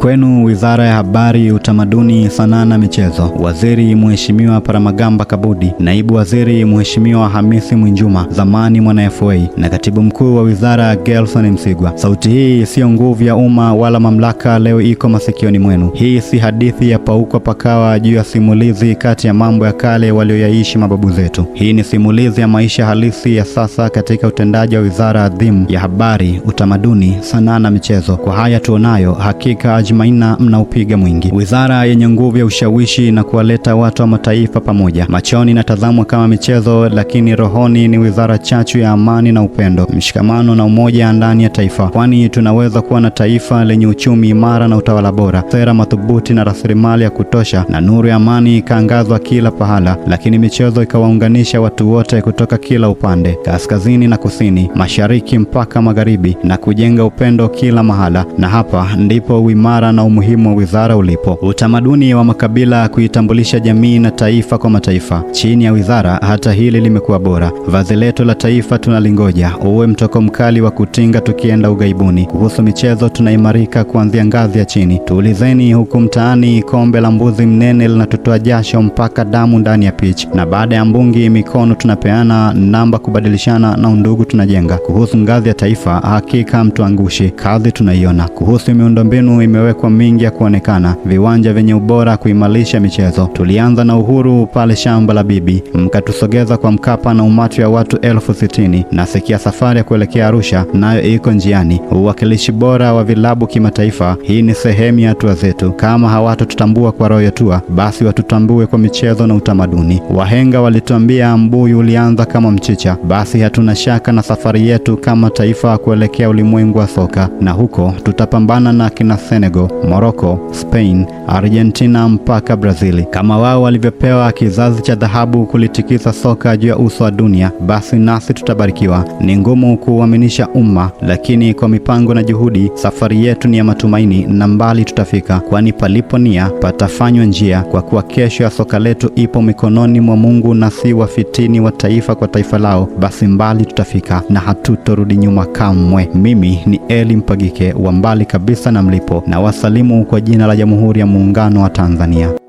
Kwenu Wizara ya Habari, Utamaduni, Sanaa na Michezo, Waziri Mheshimiwa Paramagamba Kabudi, Naibu Waziri Mheshimiwa Hamisi Mwinjuma, zamani mwana FA, na Katibu Mkuu wa Wizara Gelson Msigwa. Sauti hii siyo nguvu ya umma wala mamlaka, leo iko masikioni mwenu. Hii si hadithi ya paukwa pakawa juu ya simulizi kati ya mambo ya kale walioyaishi mababu zetu. Hii ni simulizi ya maisha halisi ya sasa katika utendaji wa wizara adhimu ya Habari, Utamaduni, Sanaa na Michezo. Kwa haya tuonayo, hakika Maina mnaupiga mwingi, wizara yenye nguvu ya ushawishi na kuwaleta watu wa mataifa pamoja. Machoni inatazamwa kama michezo, lakini rohoni ni wizara chachu ya amani na upendo, mshikamano na umoja ndani ya taifa, kwani tunaweza kuwa na taifa lenye uchumi imara na utawala bora, sera madhubuti na rasilimali ya kutosha, na nuru ya amani ikaangazwa kila pahala. Lakini michezo ikawaunganisha watu wote kutoka kila upande, kaskazini na kusini, mashariki mpaka magharibi, na kujenga upendo kila mahala, na hapa ndipo uimara imara na umuhimu wa wizara ulipo. Utamaduni wa makabila kuitambulisha jamii na taifa kwa mataifa chini ya wizara, hata hili limekuwa bora. Vazi letu la taifa tunalingoja uwe mtoko mkali wa kutinga tukienda ughaibuni. Kuhusu michezo, tunaimarika kuanzia ngazi ya chini. Tuulizeni huku mtaani, kombe la mbuzi mnene linatutoa jasho mpaka damu ndani ya pitch, na baada ya mbungi mikono tunapeana, namba kubadilishana na undugu tunajenga. Kuhusu ngazi ya taifa, hakika mtuangushi, kazi tunaiona. Kuhusu miundombinu imewe yamewekwa mingi ya kuonekana, viwanja vyenye ubora kuimarisha michezo. Tulianza na Uhuru pale shamba la bibi, mkatusogeza kwa Mkapa na umati wa watu elfu sitini. Nasikia safari ya kuelekea Arusha nayo iko njiani. Uwakilishi bora wa vilabu kimataifa, hii ni sehemu ya hatua zetu. Kama hawatotutambua kwa Royal Tour, basi watutambue kwa michezo na utamaduni. Wahenga walituambia mbuyu ulianza kama mchicha, basi hatuna shaka na safari yetu kama taifa kuelekea ulimwengu wa soka, na huko tutapambana na kina Senegal Portugal, Morocco, Spain, Argentina mpaka Brazili. Kama wao walivyopewa kizazi cha dhahabu kulitikisa soka juu ya uso wa dunia, basi nasi tutabarikiwa. Ni ngumu kuuaminisha umma, lakini kwa mipango na juhudi, safari yetu ni ya matumaini na mbali tutafika, kwani palipo nia patafanywa njia, kwa kuwa kesho ya soka letu ipo mikononi mwa Mungu na si wafitini wa taifa kwa taifa lao. Basi mbali tutafika na hatutorudi nyuma kamwe. Mimi ni Eli Mpagike wa mbali kabisa na mlipo na wasalimu kwa jina la Jamhuri ya Muungano wa Tanzania.